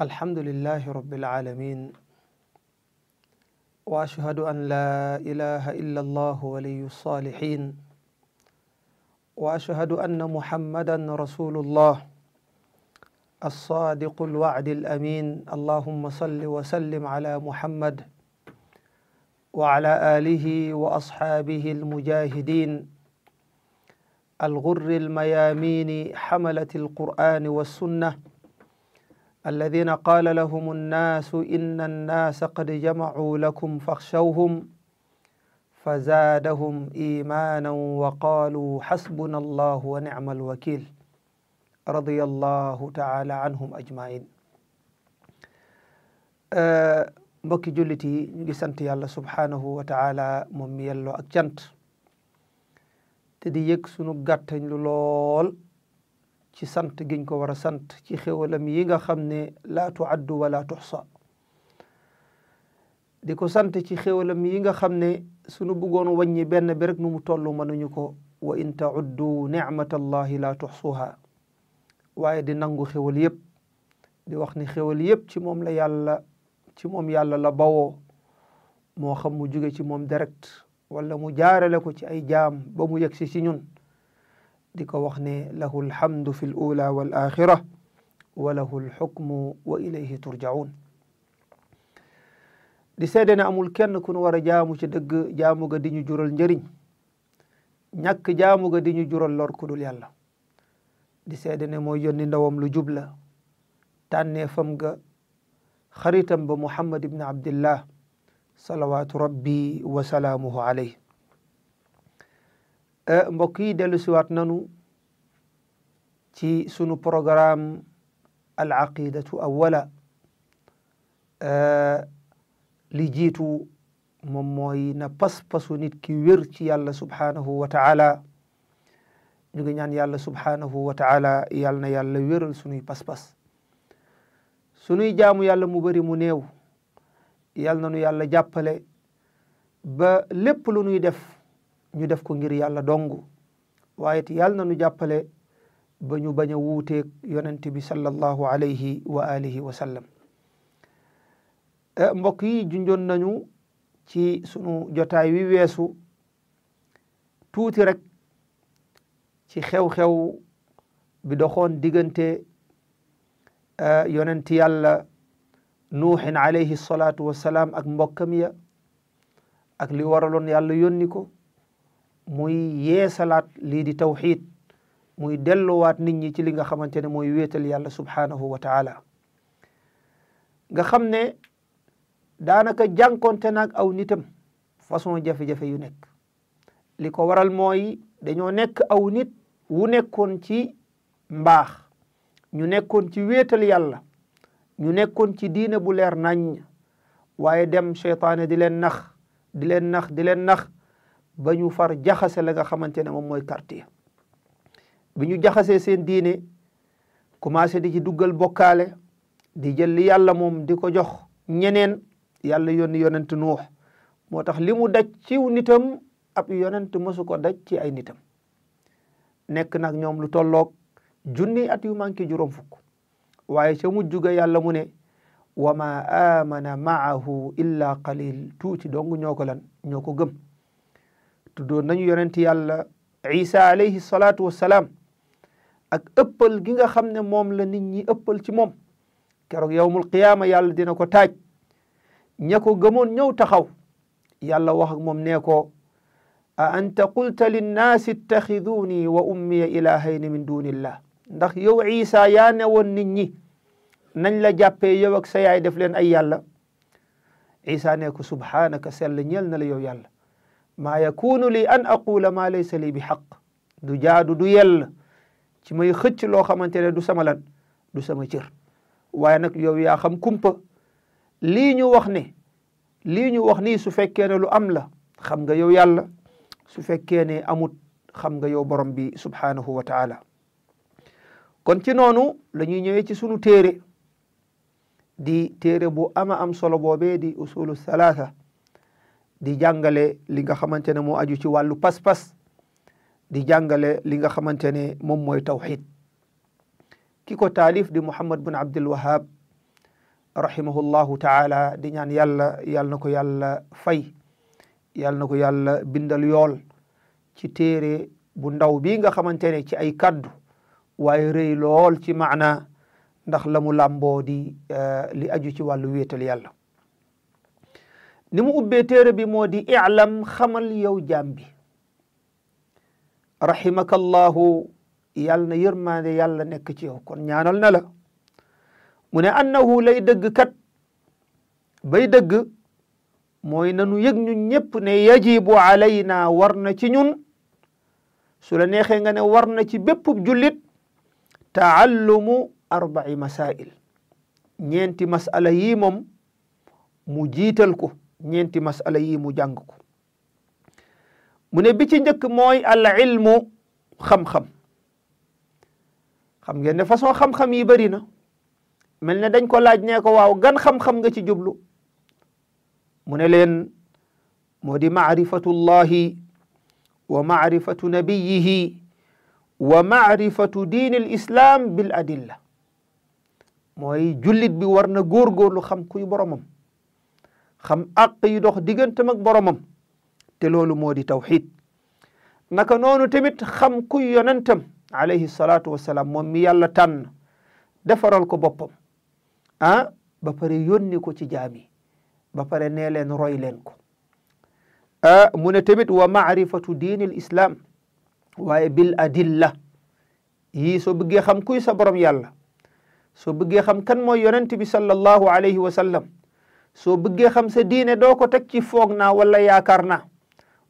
الحمد لله رب العالمين واشهد ان لا اله الا الله ولي الصالحين واشهد ان محمدا رسول الله الصادق الوعد الامين اللهم صل وسلم على محمد وعلى اله واصحابه المجاهدين الغر الميامين حمله القران والسنه الذين قال لهم الناس إن الناس قد جمعوا لكم فاخشوهم فزادهم إيمانا وقالوا حسبنا الله ونعم الوكيل رضي الله تعالى عنهم أجمعين آه، بك جلتي نجسنتي الله سبحانه وتعالى ممي الله wa تدي يكسنو قطن yelloo ci sant giñ ko war a sant ci xéwalam yi nga xam ne laa tuaddu wala tuxsa di ko sant ci xéwalam yi nga xam ne sunu bëggoon wàññi benn bi rek nu mu toll mënuñu ko wa in tauddu nicmat allahi laa tuxsuha waaye di nangu xéwal yëpp di wax ni xéwal yëpp ci moom la yàlla ci moom yàlla la bawoo moo xam mu jóge ci moom direct wala mu jaarale ko ci ay jaam ba mu yegsi ci ñun di ko wax ne lahu lhamdu fi l ula wal axira wa ilayhi turjaun di seede ne amul kenn ku nu war a jaamu ci dëgg jaamu ga jural njëriñ ñàkk jaamu ga jural lor ku dul yàlla di seede ne mooy yónni ndawam lu jubla tànnee fam ga xaritam ba muhammad ibn abdillah salawaatu rabbi wa salaamuhu alayh Eh, mbokk yi dellu siwaat nanu ci sunu programme al aqidatu awala eh, li jiitu moom mooy na pas-pasu nit ki wér ci yàlla subhaanahu wa ta'ala ñu ngi ñaan yàlla subhaanahu wa ta'ala yàll na yàlla wéral sunu pas-pas sunuy jaamu yàlla mu bari mu néew yàll na nu yàlla jàppale ba lépp lu nuy def ñu def ko ngir yàlla dong waaye it yàlla nu jàppale ba ñu bañ a wuuteeg yonent bi sallallahu alayhi wa alihi wa sallam eh, mbokk yi junjoon nañu ci sunu jotaay wi weesu tuuti rek ci xew-xew bi doxoon diggante eh, yonent yàlla nuuxin alayhi salaatu wa salaam ak mbokkam ya ak li waraloon yàlla yónni ko muy yeesalaat lii di tawxiid muy dellowaat nit ñi ci li nga xamante ne mooy wéetal yàlla subhaanahu wa taala nga xam ne daanaka jànkonte naag aw nitam façon jafe-jafe yu nekk li ko waral mooy dañoo nekk aw nit wu nekkoon ci mbaax ñu nekkoon ci wéetal yàlla ñu nekkoon ci diine bu leer naññ waaye dem seytaane di leen nax di leen nax di leen nax ba ñu far jaxase la nga xamante ne moom mooy quartier bi ñu jaxasee seen diine commencé di ci duggal bokkaale di jël li yàlla moom di ko jox ñeneen yàlla yónni yonent nuux moo tax li mu daj ciw nitam ab yonent mësu ko daj ci ay nitam nekk nag ñoom lu tolloog junni at yu manqué juróom fukk waaye ca mujj ga yàlla mu ne wa ma amana maahu illa qalil tuuti dong ñoo ko lan ñoo ko gëm tuddoon nañu yonent yàlla isa alayhi salaatu wassalaam ak ëppal gi nga xam ne moom la nit ñi ëppal ci moom keroog yowmul qiyaama yàlla dina ko taaj ña ko gëmoon ñëw taxaw yàlla wax ak moom ko a anta qulta linnaasi ittaxiduuni wa ummiya ilahayni min dunillah ndax yow isa yaa ne woon nit ñi nañ la jàppee yow ak sa yaay def leen ay yàlla isa ne ko subhaanaka sell ñeel na la yow yàlla maa yakunu li an aqula ma laysa li bi xaq du jaadu du yell ci may xëcc loo xamante ne du sama lan du sama cër waaye nag yow yaa xam kumpa lii ñu wax ne lii ñu wax nii su fekkee ne lu am la xam nga yow yàlla su fekkee ne amut xam nga yow borom bi subhaanahu wa taala kon ci noonu la ñuy ñëwee ci sunu téere di téere bu ama am solo boobee di usulu salaasa di jàngale li nga xamante ne moo aju ci wàllu pas di jàngale li nga xamante ne moom mooy tawxid ki ko taalif di Muhammad bin Abdul Wahab rahimahullahu taala di ñaan yàlla yàlla na ko yàlla fay yàlla na ko yàlla bindal yool ci téere bu ndaw bi nga xamante ne ci ay kaddu waaye rëy lool ci maana ndax la mu làmboo di eh, li aju ci wàllu wéetal yàlla nimu mu ubbee téere bi moo di i'lam xamal yow jaam bi rahimaka allahu yàlla na yërmaande yàlla nekk ci yow kon ñaanal na la mu ne annahu lay kat bay dëgg mooy nanu yëg ñun ñépp ne yajibu alayna war na ci ñun su la neexee nga ne war na ci bépp jullit taallumu arba'i masail ñeenti masala yii moom mu jiital ko ñeenti masala yi mu jàng ko mune ne bi ci njëkk mooy al ilmu xam-xam xam ngeen ne façon xam-xam yi bari na mel ne dañ ko laaj nee ko waaw gan xam-xam nga ci jublu mu ne leen moo di maarifatu llahi wa maarifatu nabiyihi wa maarifatu diini l islam bil adilla mooy jullit bi war na góorgóorlu xam kuy boromam xam àq yi dox digganteem ak boromam te loolu moo di tawxid naka noonu tamit xam kuy yonentam alayhi salaatu wasalaam moom mi yàlla tànn defaral ko boppam ah ba pare ko ci jaami ba pare nee leen roy leen ko ah mu ne tamit wa maarifatu diini l islaam waaye bil adilla yii soo bëggee xam kuy sa borom yàlla soo bëggee xam kan mooy yonent bi sallallahu alayhi wa soo bëggee xam sa diine doo ko teg ci foog naa wala yaakaar naa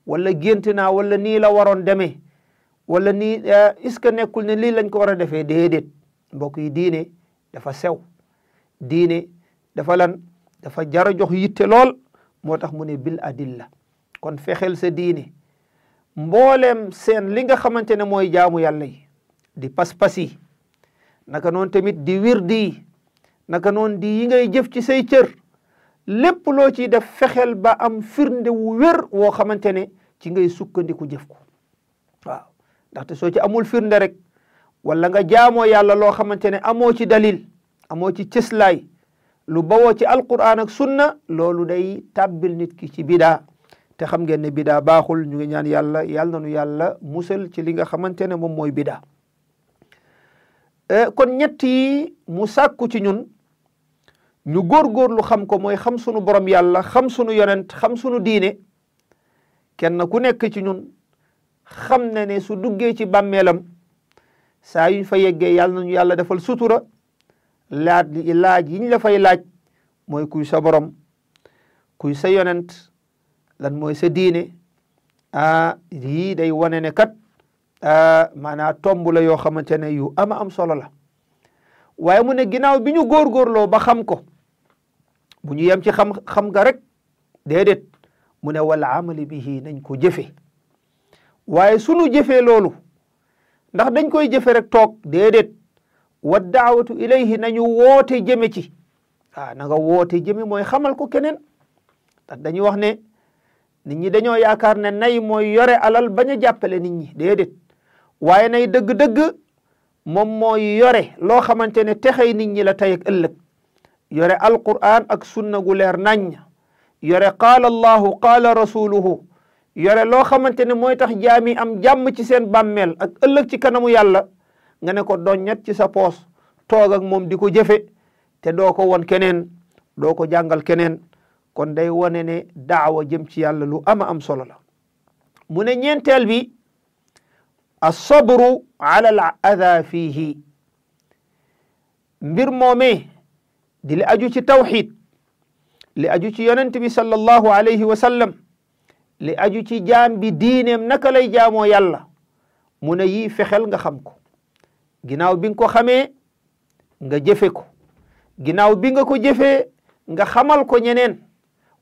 wala gént naa walla nii la waroon demee wala nii eh, est ce que nekkul ne lii lañ ko war a defee déedéet mbokk yi diine dafa sew diine dafa lan dafa jara jox yitte lool moo tax mu ne bil adilla kon fexeel sa diine mbooleem seen li nga xamante ne mooy jaamu yàlla yi di pas-pas yi naka noonu tamit di wirdi di naka noonu di yi ngay jëf ci say cër lépp loo ciy def fexeel ba am firnde wu wér woo xamante ne ci ngay sukkandiku jëf ko waaw ndaxte soo ci amul firnde rek walla nga jaamoo yàlla loo xamante ne amoo ci dalil amoo ci cëslaay lu bawo ci alquran ak sunna loolu day tàbbil nit ki ci bida te xam ngeen ne bidaa baaxul ñu ngi ñaan yàlla yàlla nañu yàlla musal ci li nga xamante ne moom mooy bidaa eh, kon ñett mu sàkku ci ñun ñu góorgóorlu xam ko mooy xam sunu borom yàlla xam sunu yonent xam sunu diine kenn ku nekk ci ñun xam na ne su duggee ci bàmmeelam saa yuñ fa yeggee yàlla nañu yàlla defal sutura laaj laaj yi ñu la fay laaj mooy kuy sa borom kuy sa yonent lan mooy sa diine ah yii day wane ne kat ah, maanaam tomb la yoo xamante ne yu ama am solo la waaye mu ne ginnaaw bi ñu góorgóorloo ba xam ko bu ñu yem ci xam xam nga rek déedéet mu ne wal amali bihi nañ ko jëfe waaye sunu jëfee loolu ndax dañ koy jëfe rek toog déedéet wa daawatu ilayhi nañu woote jëme ci ah na nga woote jëme mooy xamal ko keneen ndax dañuy wax ne nit ñi dañoo yaakaar ne nayi mooy yore alal bañ a jàppale nit ñi déedéet waaye nay dëgg moom mooy yore loo xamante ne texey nit ñi la tey ëllëg yore alquran ak sunna gu leer nañ yore qaala allahu qaala rasuluhu yore loo xamante ne mooy tax jaam yi am jàmm ci seen bàmmeel ak ëllëg ci kanamu yàlla nga ne ko doññat ci sa poos toog ak moom di ko jëfe te doo ko won keneen doo ko jàngal keneen kon day wane ne daawa jëm ci yàlla lu ama am solo la mu ne ñeenteel bi as-sabru ala al fii fiihi mbir moomee di li aju ci tawxiid li aju ci yonent bi sallallahu alayhi wa sallam li aju ci jaam bi diineem naka lay jaamoo yàlla mu ne yii fexel nga xam ko ginnaaw bi nga ko xamee nga jëfe ko ginnaaw bi nga ko jëfee nga xamal ko ñeneen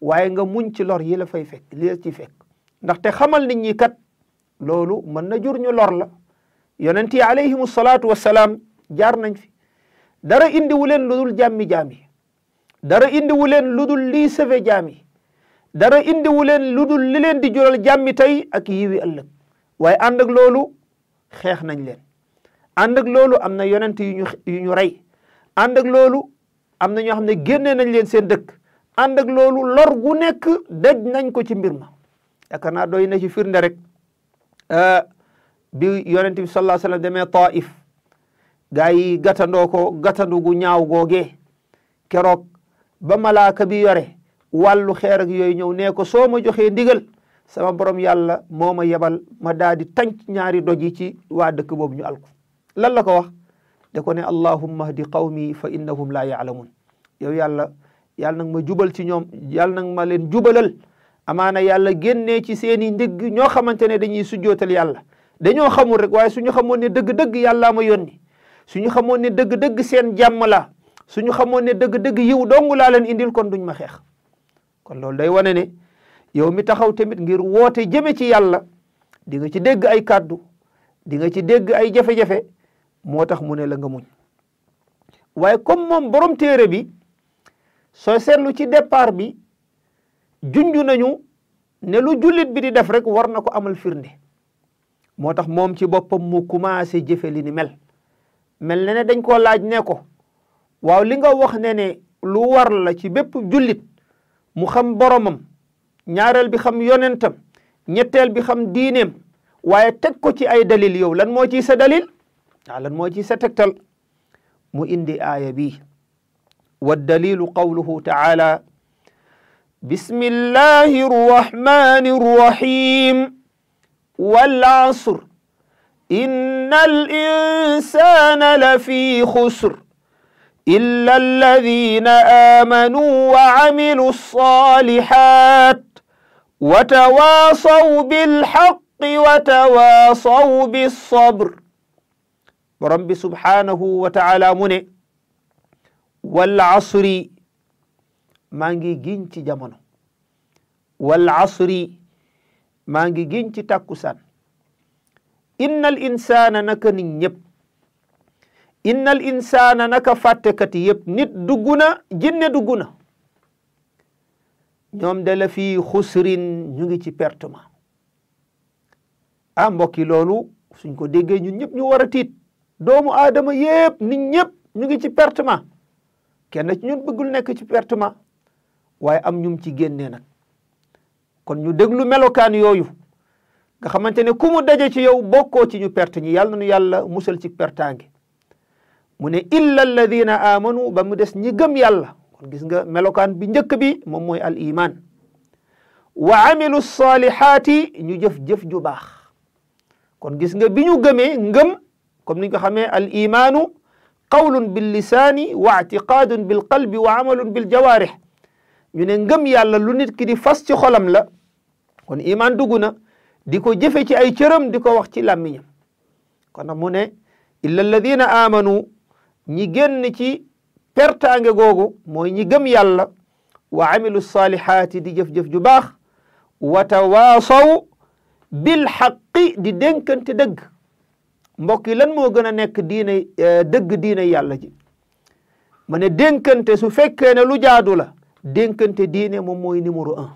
waaye nga muñ ci lor yi la fay fekk li la ci fekk ndaxte xamal nit ñi kat loolu mën na jur ñu lor la yonent yi alayhimu salaatu wassalaam jaar nañ fi dara indiwu leen lu dul jàmmi jaam dara indiwu leen lu dul lii sëfe jaam dara indiwu leen lu dul li leen di jural jàmmi tey ak yiwi ëllëg waaye ànd ak loolu xeex nañ leen ànd ak loolu am na yonent yu ñu yu rey ànd ak loolu am na ñoo xam ne génnee nañ leen seen dëkk ànd ak loolu lor gu nekk daj nañ ko ci mbir ma yaakaar naa doy na ci firnde rek ah, bi yonent bi sallallahu alayhi wa sallam demee Taif gaa yi gatandoo ko gatandugu ñaaw googee keroog ba malaaka bi yore wàllu xeer ak yooyu ñëw nee ko soo ma joxee ndigal sama borom yàlla moo ma yebal ma daa di tànc ñaari doj yi ci waa dëkk boobu ñu alku lan la ko wax da ko ne allahumma hdi qawmi fa innahum laa yaalamun yow yàlla yàlla nag ma jubal ci ñoom yàlla nag ma leen jubalal amaana yàlla génnee ci seeni ndigg ñoo xamante ne dañuy sujjootal yàlla dañoo xamul rek waaye suñu xamoon ne dëgg-dëgg yàllaa ma yónni suñu xamoon ne dëgg-dëgg seen jàmm su suñu xamoon ne dëgg-dëgg yiw dong laa leen indil kon duñ ma xeex kon loolu day wane ne yow mi taxaw tamit ngir woote jëme ci yàlla dinga ci dégg ay kàddu dinga ci dégg ay jafe-jafe moo tax mu ne la nga muñ waaye comme moom borom téere bi soo seetlu ci départ bi junju nañu ne lu jullit bi di def rek war na ko amal firnde moo tax moom ci boppam mu commencé jëfe li ni mel mel na ne dañ koo laaj ne ko waaw li nga wax ne ne lu war la ci bépp jullit mu xam boromam ñaareel bi xam yonentam ñetteel bi xam diineem waaye teg ko ci ay dalil yow lan moo ciy sa dalil waaw sa tegtal mu indi aaya bi wa dalilu qawluhu taala bismillahi rrahmani rrahim إن الإنسان لفي خسر إلا الذين آمنوا وعملوا الصالحات وتواصوا بالحق وتواصوا بالصبر برب سبحانه وتعالى منه والعصر مانجي جنتي جمانو والعصر مانجي جنتي تاكوسان innal insaana naka nit ñëpp innal insaana naka fàttekat yëpp nit dugg na jinne dugg na ñoom de la fii xusrin ñu ngi ci pertement ah mbokki loolu suñ ko déggee ñun ñëpp ñu war a tiit doomu aadama yëpp nit ñëpp ñu ngi ci pertement kenn ci ñun bëggul nekk ci pertement waaye am ñum ci génnee nag kon ñu déglu melokaan yooyu nga xamante ne ku mu daje ci yow bokkoo ci ñu perte yàlla nu yàlla musal ci pertaange mu ne illa alladina amanu ba mu des ñi yàlla kon gis nga melokaan bi njëkk bi moom mooy al iman wa amilu salihaati ñu jëf-jëf ju baax kon gis nga bi ñu gëmee ngëm comme ni nga xamee al imaanu qawlun bil lisaani wa ictiqaadun bil qalbi wa amalun bil jawaarih ñu ne ngëm yàlla lu nit ki di fas ci xolam la kon iman dugg na di ko jëfe ci ay cëram di ko wax ci làmmiñam kon nag mu ne illa alladina amanu ñi génn ci pertaange googu mooy ñi gëm yàlla wa amilu saalihaati di jëf-jëf ju baax wa tawaasaw bil xaqi di dénkante dëgg mbokk yi lan moo gën a nekk diine eh, dëgg diine yàlla ji ma ne dénkante su fekkee ne lu jaadu la dénkante diine moom mooy numéro un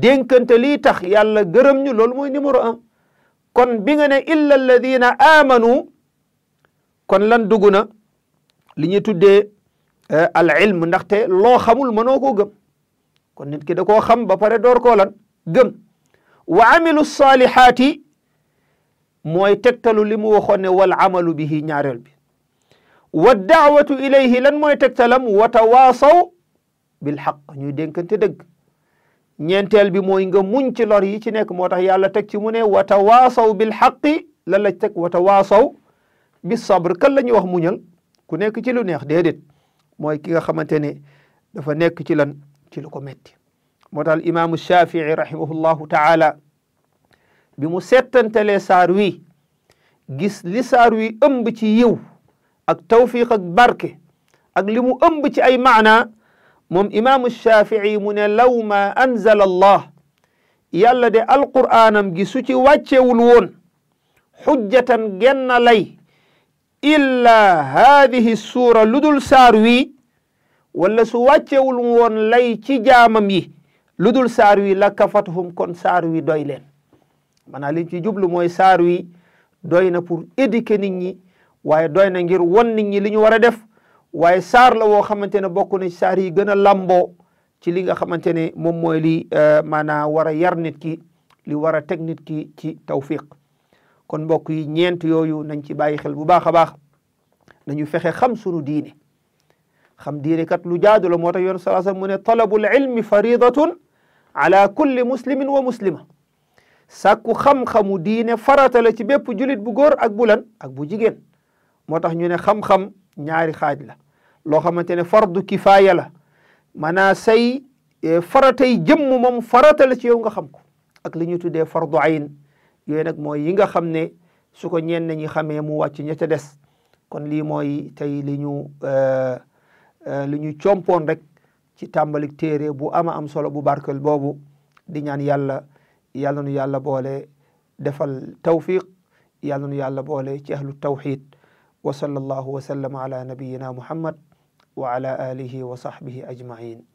dénkante lii tax yàlla gërëm ñu lool mooy numéro un kon bi nga ne illa alladina amanu kon lan dugg na li ñuy tuddee eh, al ilm ndaxte loo xamul mënoo koo gëm kon nit ki da koo xam ba pare door koo lan gëm wa amilu saalihaati mooy tegtalu li mu waxoon ne wal amalu bihi ñaareel bi wa daawatu ilayhi lan mooy tegtalam wa tawaasaw bil xaq ñuy dénkante dëgg ñeenteel bi mooy nga muñ ci lor yi ci nekk moo tax yàlla teg ci mu ne wa tawaasaw bil lan la teg wa tawaasaw bi sabr kan la ñuy wax muñal ku nekk ci lu neex déedéet mooy ki nga xamante ne dafa nekk ci lan ci lu ko metti moo tax imaamu Shafii rahimahullahu taala bi mu settantelee saar wi gis li saar wi ëmb ci yiw ak tawfiq ak barke ak limu mu ëmb ci ay maanaa moom imaamu shafii mu ne law ma allah yàlla de alqur'aanam gi su ci wàccewul woon xujjatan genn lay illa haadihi suura ludul saar wi wala su wàccewul woon lay ci jaamam yi ludul saar wi la kafatuhum kon saar wi doy leen maanaam liñ ci jublu mooy saar wi doy na pour éduquer nit ñi waaye doy na ngir won nit ñi li war a def waaye saar la woo xamante ne bokku na saar yi gën a làmboo ci li nga xamante ne moom mooy li eh, maanaam war a yar nit ki li war a teg nit ki ci tawfiq kon mbokk yi ñeent yooyu nañ ci bàyyi xel bu baax a baax nañu fexe xam sunu diine xam diine kat lu jaadu la moo tax yoon sallallahu alayhi wasallam mu ne talabul ilmi faridatun ala kulli muslimin wa muslima sàkku xam-xamu diine farata la ci bépp julit bu góor ak bu ak bu jigéen moo tax ñu ne xam ñaari xaaj la loo xamante ne fardu kifaaya la maanaa say e, faratay jëmm moom farata la ci yow nga xam ko ak li ñu tuddee fardu ayn yooyu nag mooy yi nga xam ne su ko ñenn ñi xamee mu wàcc ña ca des kon lii mooy tey li ñu e, e, li ñu compoon rek ci tàmbalik téere bu ama am solo bu barkel boobu di ñaan yàlla yàlla nu yàlla boole defal tawfiq yàlla nu yàlla boole ci ahlu tawxid وصلى الله وسلم على نبينا محمد وعلى آله وصحبه أجمعين